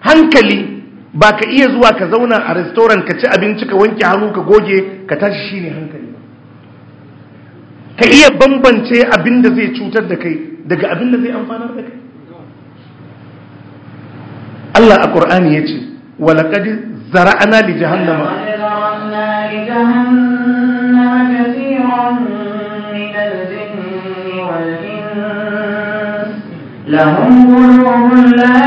hankali ba ka iya zuwa ka zauna a restaurant ka ci abinci ka wanke hannu ka goge ka tashi shi ne hankali ka iya bambance abin da zai cutar da kai daga abin da zai amfanar da kai Allah a ƙur'ani ya ce walakadi zara'ana li jahannama لهم قلوب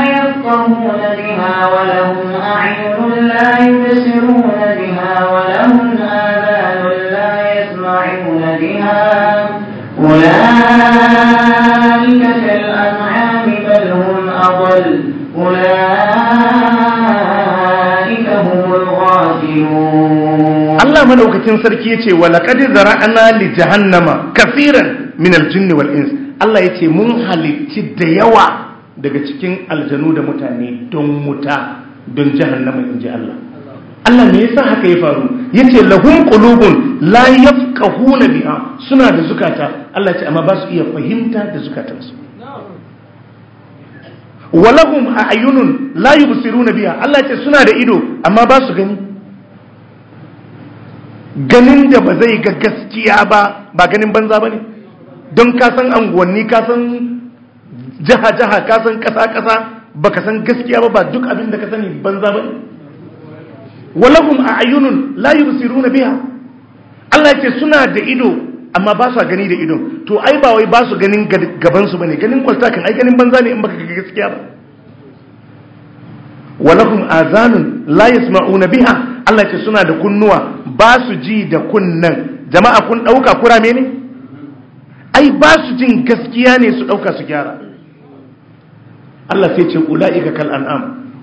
ya يبصرون بها ولهم أعين لا يبصرون بها ولهم آذان لا يسمعون بها أولئك كالأنعام بل هم أضل أولئك هم الغافلون الله ملوكتين سركيتي ولقد ذرأنا لجهنم كثيرا من الجن والإنس الله ya ce mun halitti daga cikin aljanu da mutane don wuta don jahannama in inji Allah Allah me sa haka ya faru yace lahum qulubun la yafqahuna biha suna da zukata Allah ce amma ba su iya fahimta da zukatansu walahum a'yunun la yubsiruna biha Allah ce suna da ido amma ba su gani ganin da ba zai ga gaskiya ba ba ganin banza bane don ka san anguwanni ka san jaha jaha ka san kasa kasa ka san gaskiya ba ba duk abin da ka sani banza ba a ayyunan layu basiru na biya. Allah ce suna da ido amma ba su gani da ido to ai ba wai ba su ganin gabansu ba ne, ganin kwalta kan ai ganin banza ne in baka ga gaskiya ba a walahum layu la na biya. Allah ce suna da kunnuwa ba su ji da kunnan jama'a kun dauka kurame ne ai ba su jin gaskiya ne su ɗauka su gyara Allah sai ce ula'ika kal an'am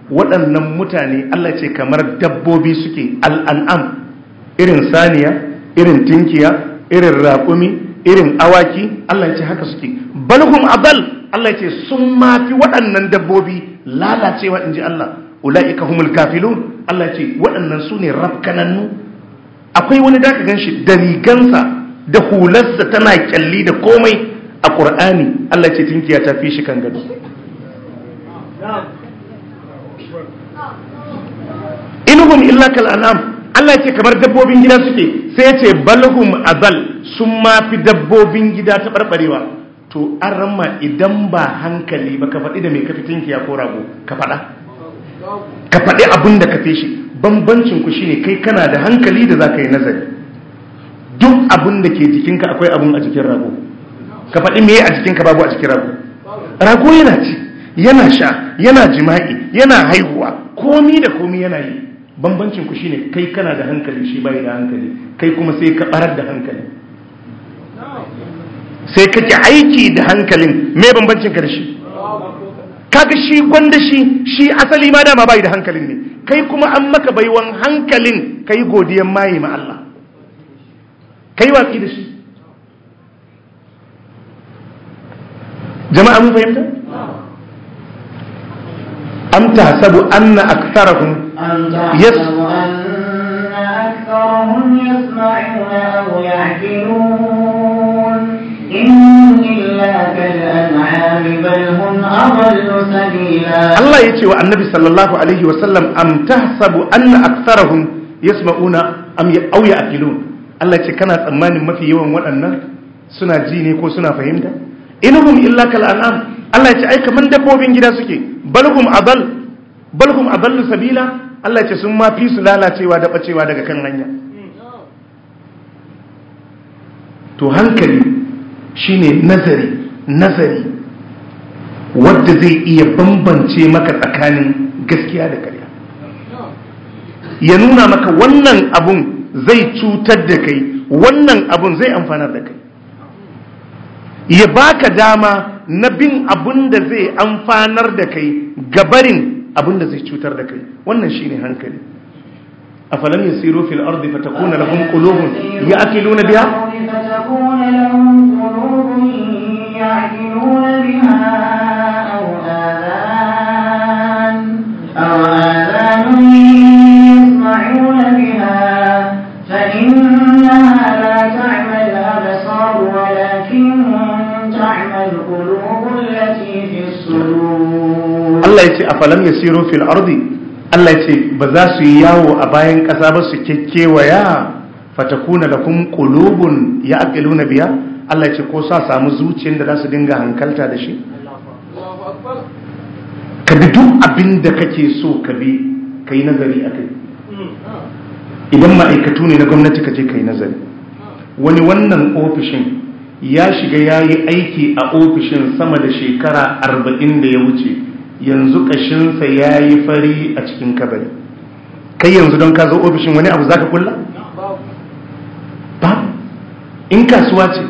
waɗannan mutane Allah ce kamar dabbobi suke al an'am irin saniya irin tinkiya irin raƙumi irin awaki Allah ce haka suke balhum abal Allah ce sun mafi waɗannan dabbobi lalacewa in ji Allah ula'ika humul kafilun Allah ce waɗannan su ne rafkanannu akwai wani da gan shi da rigansa da hularsa tana kyalli da komai a ƙur'ani Allah ce tinkiya ta fi shi kan gado inuhun illa kal an'am Allah ce kamar dabbobin gida suke sai ya ce balhum azal sun ma fi dabbobin gida ta barbarewa to an ramma idan ba hankali ba ka faɗi da mai kafitin ya ko rago ka faɗa ka faɗi abin da ka fi shi bambancin ku shine kai kana da hankali da za ka yi nazari duk abin da ke jikinka akwai abin a jikin rago ka faɗi me a jikinka babu a jikin rago rago yana ci yana sha yana jima'i yana haihuwa komi da komi yana yi bambancin ku shine kai kana da hankali shi bai da hankali kai kuma sai ka barar da hankali sai kake aiki da hankalin me bambancin ka da shi kaga shi gwanda shi shi asali ma dama bai da hankalin ne kai kuma an maka baiwan hankalin kai godiyan maye ma Allah kai waki da shi jama'a mun fahimta am tahsabu anna أكثرهم يسمعون أو يعقلون Allah ya ce wa annabi sallallahu Alaihi wasallam am tahsabu anna aktharahum yasma'una am au ya'qilun Allah ya ce kana tsammanin mafi yawan waɗannan suna ji ne ko suna fahimta inhum illa kal an'am Allah ya ce ai kaman dabbobin gida suke balhum abal balhum aballu sabila Allah ya ce sun ma fi su lalacewa da bacewa daga kan hanya to hankali shine nazari nazari wadda zai iya bambance maka tsakanin gaskiya da ƙarya ya nuna maka wannan abun zai cutar da kai wannan abun zai amfana da kai ya baka dama na bin abun da zai amfanar da kai gabarin abun da zai cutar da kai wannan shine hankali A yasiru fil ardi fatakuna lahum qulubun ya'qiluna biha fatakuna lahum qulubun ya'qiluna Allah ya ce a falam siro fil ardi Allah ya ce ba za su yi yawo a bayan ƙasa ba su kekkewaya fatakuna da ya aƙilu na biya Allah ya ce ko sa samu zuciyar da za su dinga hankalta da shi ka bi duk abin da kake so ka bi ka yi nazari a kai idan ma'aikatu ne na gwamnati ka je ka yi nazari wani wannan ofishin ya shiga ya yi aiki a ofishin sama da shekara arba'in da ya wuce yanzu kashinsa ya yi fari a cikin kabari kai yanzu don ka zo ofishin wani abu za ka kulla? ba in kasuwa ce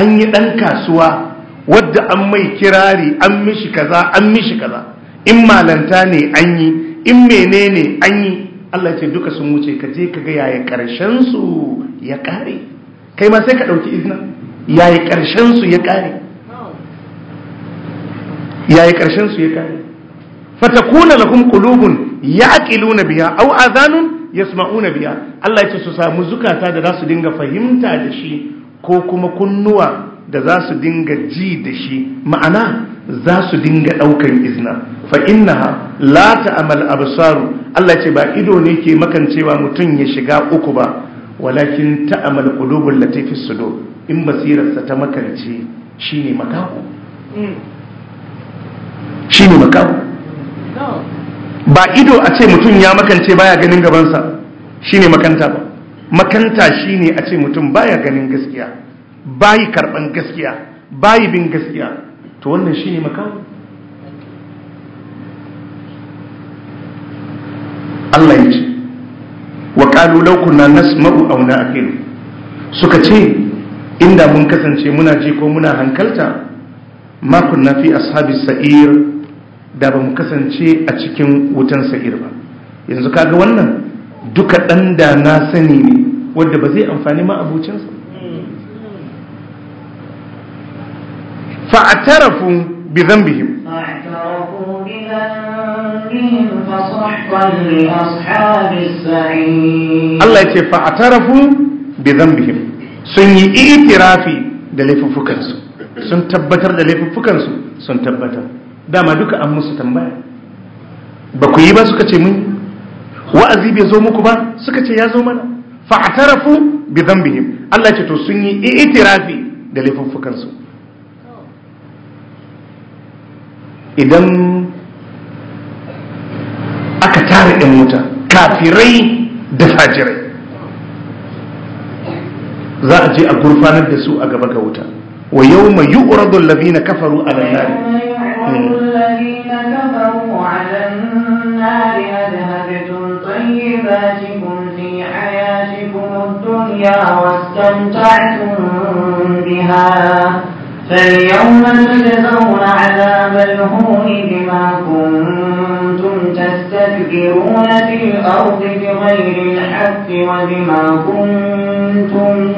an yi ɗan kasuwa wadda an mai kirari an mishi kaza an mishi kaza in malanta ne an yi in menene an yi Allah ce duka sun wuce ka je ka ga yayi karshen su ya kare kai ma sai ka ɗauki izina Yayi karshen su ya kare yayi ƙarshen su ya kare fatakuna lahum qulubun yaqiluna biya aw adhanun yasma'una biya Allah ya ce su samu zukata da zasu dinga fahimta da shi ko kuma kunnuwa da zasu dinga ji da shi ma'ana zasu dinga ɗaukan izna fa innaha la ta'mal absaru Allah ce ba ido ne ke makancewa mutum ya shiga uku ba walakin ta'amal qulubul latifis sudur in basirarsa ta makance shine makaho shi ne makawo ba ido a ce mutum ya makance baya ganin gabansa shi ne makanta ba makanta shi ne a ce mutum baya ganin gaskiya bayi karban gaskiya bayi bin gaskiya to wannan shi ne makawo Allah ya ce wa ƙalu laukuna nasma'u wani akilu suka ce inda mun kasance muna ji ko muna hankalta makon na fi ashabi sa'ir da ba mu kasance a cikin wutan sa'ir ba yanzu kaga wannan duka dan da na sani ne wadda ba zai amfani ma abucinsa tarafu, bi zambihim Allah ya ce tarafu, bi zambihim sun yi itirafi da laifuffukansu sun tabbatar da laifuffukansu sun tabbatar dama duka an musu tambaya ba ku yi ba suka ce mun wa'azi bai zo muku ba suka ce ya zo mana fa'tarafu bi dhanbihim Allah ce to sun yi i'tirafi da su idan aka tare ɗin wuta kafirai da fajirai za a je a gurfanar da su a gaba ga wuta wa yau mai yi uradun labina kafaru a lallari. يقول الذين كفروا على النار أذهبتم طيباتكم في حياتكم الدنيا واستمتعتم بها فاليوم تجزون عذاب الهون بما كنتم تستكبرون في الأرض بغير الحق وبما كنتم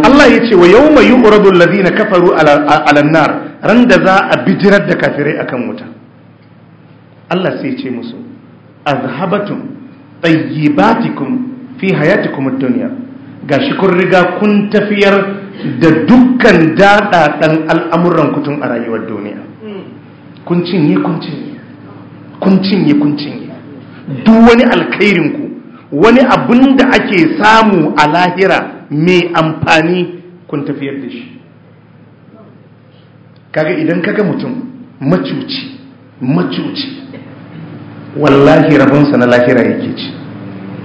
Allah ya ce wa yau mai yi uradun lazi na kafaru a lannar ran da za a bijirar da kafirai a kan wuta. Allah sai ce musu, a zahabatun tsayyibatikun fi kuma duniya, ga shi kun riga kun tafiyar da dukkan daɗaɗan al’amuran kutun a rayuwar duniya. Kun cinye, kun cinye, kun cinye, kun cinye, duk wani alkairinku wani abun da ake samu a lahira mai amfani kun tafiyar da shi kaga idan kaga mutum macuci macuci wallahi rabonsa na lahira yake ci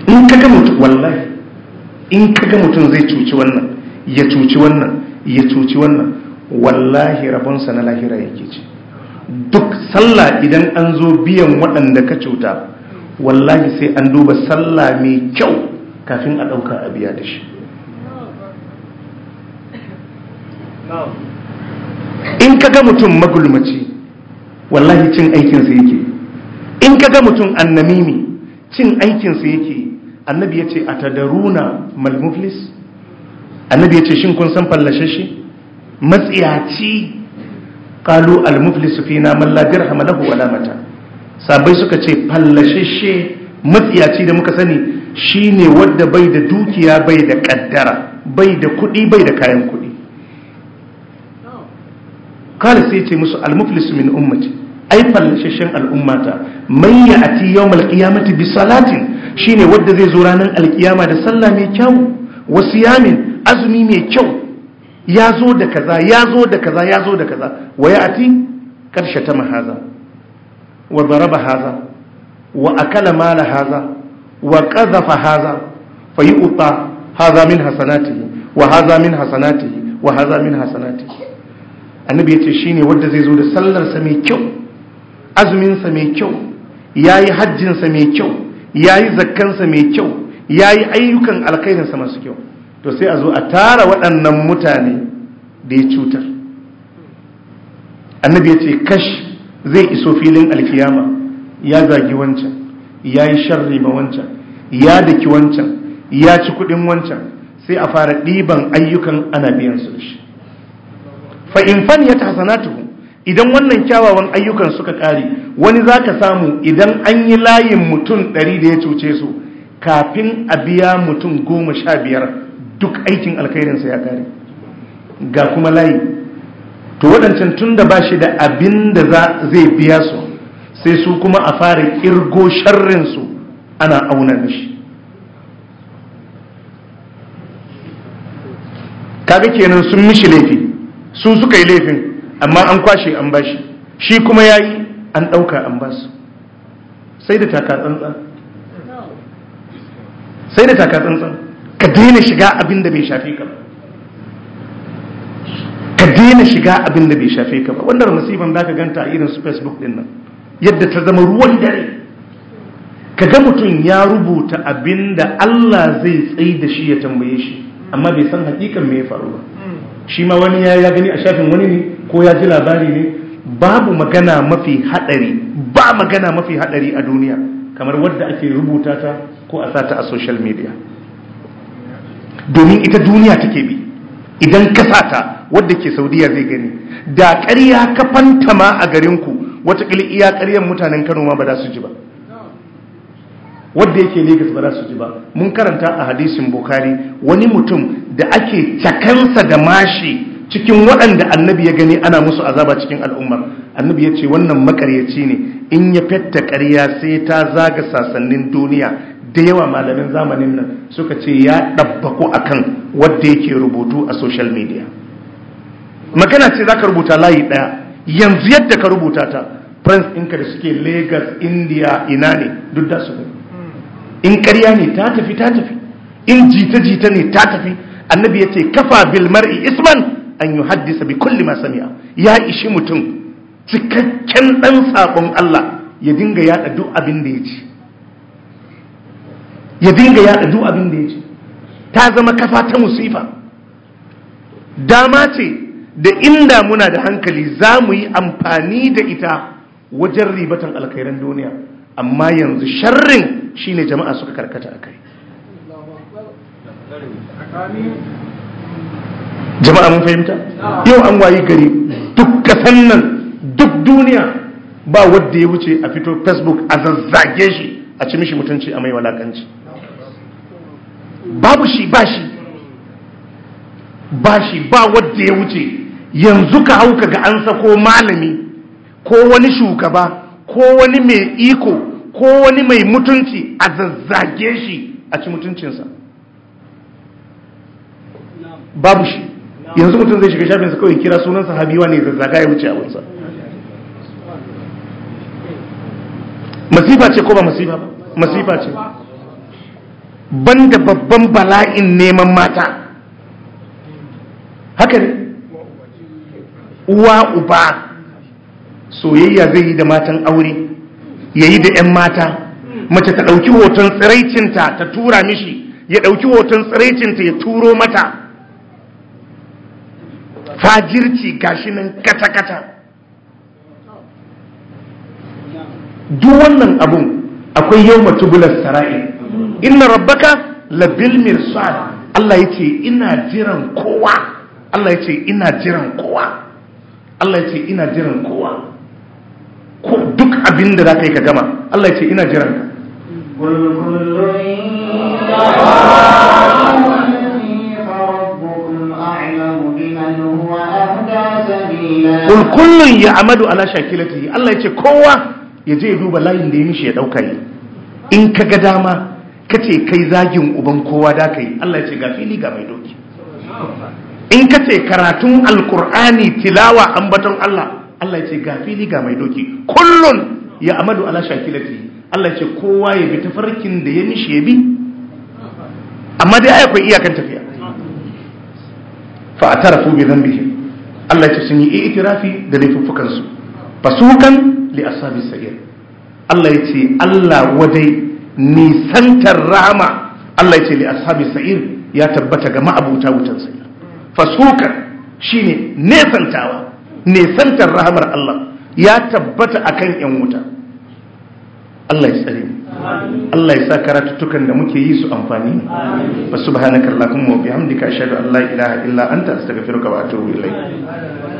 in kaga mutum wallahi in kaga mutum zai cuci wannan ya cuci wannan ya cuci wannan wallahi rabonsa na lahira yake ci duk sallah idan an zo biyan waɗanda ka cuta wallahi sai an duba sallah mai kyau kafin a ɗauka a biya da shi in ka ga mutum magulmaci wallahi cin aikinsa yake in ka ga mutum annamimi cin aikinsa yake annabi ya ce a tadaruna malmuflis annabi ya ce shin kun san fallashashi matsiyaci kalu almuflis fi na hamalahu wala mata sabai suka ce fallashashe matsiyaci da muka sani shine wadda bai da dukiya bai da kaddara bai da kuɗi bai da kayan kuɗi kala sai ce musu almuflis min ummati ai fallashashen al'ummata man ya ati yawmal qiyamati bi salatin shine wadda zai zo ranar alkiyama da sallah mai kyau wasu yamin azumi mai kyau ya zo da kaza ya zo da kaza ya zo da kaza wa ya ati karshe ta mahaza wa daraba haza wa akala mala haza wa qadhafa haza fayu'ta haza min hasanatihi wa haza min hasanatihi wa haza min hasanatihi annabi yace shine wanda zai zo da sallar sa mai kyau azumin sa mai kyau yayi hajjin sa mai kyau yayi zakkan sa mai kyau yayi ayyukan alkhairin sa masu kyau to sai a zo a tara waɗannan mutane da ya cutar annabi yace kash zai iso filin alkiyama ya zagi wancan ya yi sharri ma wancan ya daki wancan ya ci kudin wancan sai a fara ɗiban ayyukan ana biyan su shi fa in fan ya tasanatuhu idan wannan kyawawan ayyukan suka ƙare wani za ka samu idan an yi layin mutum ɗari da ya cuce su kafin a biya mutum goma sha biyar duk aikin alkhairinsa ya ƙare ga kuma layi to waɗancan tun da ba shi da abin da zai biya su sai su kuma a fara ƙirgo sharrinsu ana auna mishi kaga kenan sun mishi laifi su suka yi laifin amma an kwashe an bashi shi kuma ya yi an ɗauka an sai da taka tsantsan sai da taka tsantsan ka daina shiga abin da bai shafi ka ka daina shiga abin da bai shafe ka ba wannan musiban za ka ganta a irin su facebook din nan yadda ta zama ruwan dare ka ga mutum ya rubuta abin da allah zai tsayi da shi ya tambaye shi amma bai san hakikan me ya faru ba shi ma wani ya gani a shafin wani ne ko ya ji labari ne babu magana mafi hadari ba magana mafi hadari a duniya kamar wadda ake rubuta ta ko a sata a social media domin ita duniya take bi idan ka sata wadda ke saudiya zai gani da ƙarya ka fanta ma a garinku watakila iya ƙaryar mutanen kano ma ba za su ji ba wadda yake Legas ba za su ji ba mun karanta a hadisin bukari wani mutum da ake cakansa da mashi cikin waɗanda annabi ya gani ana musu azaba cikin al'ummar annabi ya ce wannan makaryaci ne in ya fetta ƙarya sai ta zaga sasannin duniya da yawa malamin zamanin nan suka ce ya ɗabbaku kan wadda yake rubutu a social media magana ce za ka rubuta layi ɗaya yanzu yadda ka rubuta ta prince Inkar da suke lagos india ina ne duk da su in ƙarya ne ta tafi ta tafi in jita-jita ne ta tafi annabi ya ce kafa bilmar'i isman an yi haddisa bi kulli masamiya ya ishi mutum cikakken ɗan saƙon allah ya dinga yaɗa duk abin da ya ci ya dinga yaɗa duk abin da ya ce ta zama kafa ta musifa dama ce da inda muna da hankali za mu yi amfani da ita wajen ribatan alkhairan duniya amma yanzu sharrin shine jama'a suka karkata a kai jama'a mun fahimta yau an wayi gari duk kasan nan duk duniya ba wadda ya wuce a fito facebook a zazzage shi a ci mishi mutunci a mai walakanci babu shi ba shi ba shi ba wadda ya wuce yanzu ka hau ka ga an sako malami ko wani shugaba ko wani mai iko ko wani mai mutunci a zazzage shi a ci mutuncinsa babu shi yanzu mutum zai shiga shafinsa kawai kira sunansa sahabiwa ne zazzaga ya wuce a wunsa masifa ce ko ba masifa ba masifa ce banda babban bala'in neman mata haka ne uwa uba soyayya zai yi da matan aure ya yi da 'yan mata mace ta ɗauki hoton tsiraicinta ta tura mishi ya ɗauki hoton tsiraicinta ya turo mata fajirci gashi nan kata-kata duk wannan abun akwai yau matubular sara'in inna rabbaka labil mirsad Allah yace ina jiran kowa Allah yace ina jiran kowa Allah yace ina jiran kowa ko duk abin da zaka yi ka gama Allah yace ina jiran ka Kul kullun ya amadu ala shakilatihi Allah yace kowa ya je ya duba layin da ya mishi ya dauka yi in ka ga dama kace kai zagin uban kowa da kai Allah ya ce ga fili ga mai doki in kace karatun alkur'ani tilawa ambaton Allah Allah ya ce ga fili ga mai doki kullun ya amadu ala shakilati Allah ya ce kowa ya bi tafarkin da ya mishi ya bi amma dai akwai iyakan tafiya fa atarafu bi dhanbihi Allah ya ce sun yi itirafi da laifuffukan su fasukan li ashabi sagir Allah ya ce Allah wadai nisantar rahama Allah ya ce li ashabi sa'ir ya tabbata ga ma'abuta wutan sa'ir fasukan shine nesantawa nesantar rahamar Allah ya tabbata akan yan wuta Allah ya tsare Allah ya sa karatuttukan da muke yi su amfani fa subhanaka allahumma wa bihamdika ashhadu an la ilaha illa anta astaghfiruka wa atubu ilayk